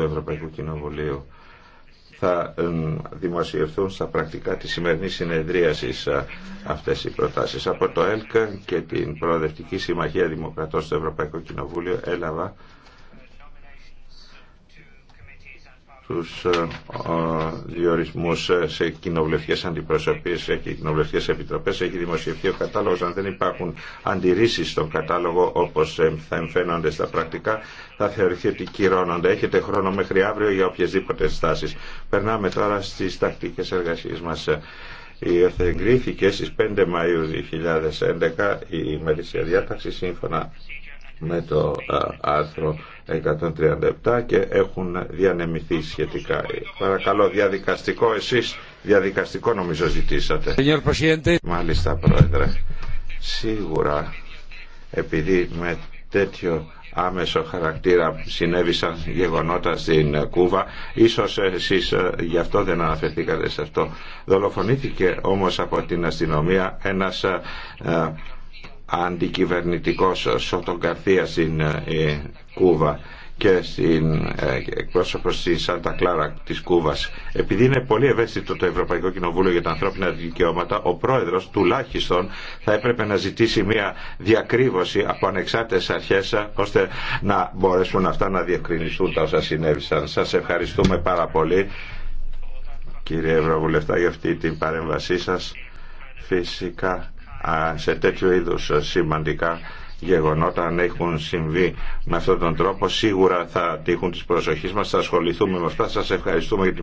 του Ευρωπαϊκού Κοινοβουλίου θα ε, δημοσιευθούν στα πρακτικά της σημερινής συνεδρίασης ε, αυτές οι προτάσεις. Από το ΕΛΚΑ και την Προοδευτική Συμμαχία Δημοκρατών στο Ευρωπαϊκό Κοινοβούλιο έλαβα τους ε, διορισμούς ε, σε κοινοβουλευτικές αντιπροσωπείες και κοινοβουλευτικές επιτροπές έχει δημοσιευθεί ο κατάλογος αν δεν υπάρχουν αντιρρήσεις στον κατάλογο όπως ε, θα εμφαίνονται στα πρακτικά θα θεωρηθεί ότι κυρώνονται έχετε χρόνο μέχρι αύριο για οποιασδήποτε στάσεις περνάμε τώρα στις τακτικές εργασίες μας και στις 5 Μαΐου 2011 η ημερησία διάταξη σύμφωνα με το άρθρο 137 και έχουν διανεμηθεί σχετικά. Παρακαλώ, διαδικαστικό εσείς, διαδικαστικό νομίζω ζητήσατε. Μάλιστα, Πρόεδρε. Σίγουρα, επειδή με τέτοιο άμεσο χαρακτήρα συνέβησαν γεγονότα στην Κούβα. Ίσως εσείς ε, γι' αυτό δεν αναφερθήκατε σε αυτό. Δολοφονήθηκε όμως από την αστυνομία ένας ε, ε, αντικυβερνητικός Σότον Καρθία στην ε, ε, Κούβα και στην ε, εκπρόσωπο τη Σάντα Κλάρα τη Κούβα. Επειδή είναι πολύ ευαίσθητο το Ευρωπαϊκό Κοινοβούλιο για τα ανθρώπινα δικαιώματα, ο πρόεδρο τουλάχιστον θα έπρεπε να ζητήσει μια διακρύβωση από ανεξάρτητε αρχέ, ώστε να μπορέσουν αυτά να διευκρινιστούν τα όσα συνέβησαν. Σα ευχαριστούμε πάρα πολύ, κύριε Ευρωβουλευτά, για αυτή την παρέμβασή σα. Φυσικά σε τέτοιο είδους σημαντικά γεγονότα αν έχουν συμβεί με αυτόν τον τρόπο σίγουρα θα τύχουν τις προσοχής μας θα ασχοληθούμε με αυτά σας ευχαριστούμε για την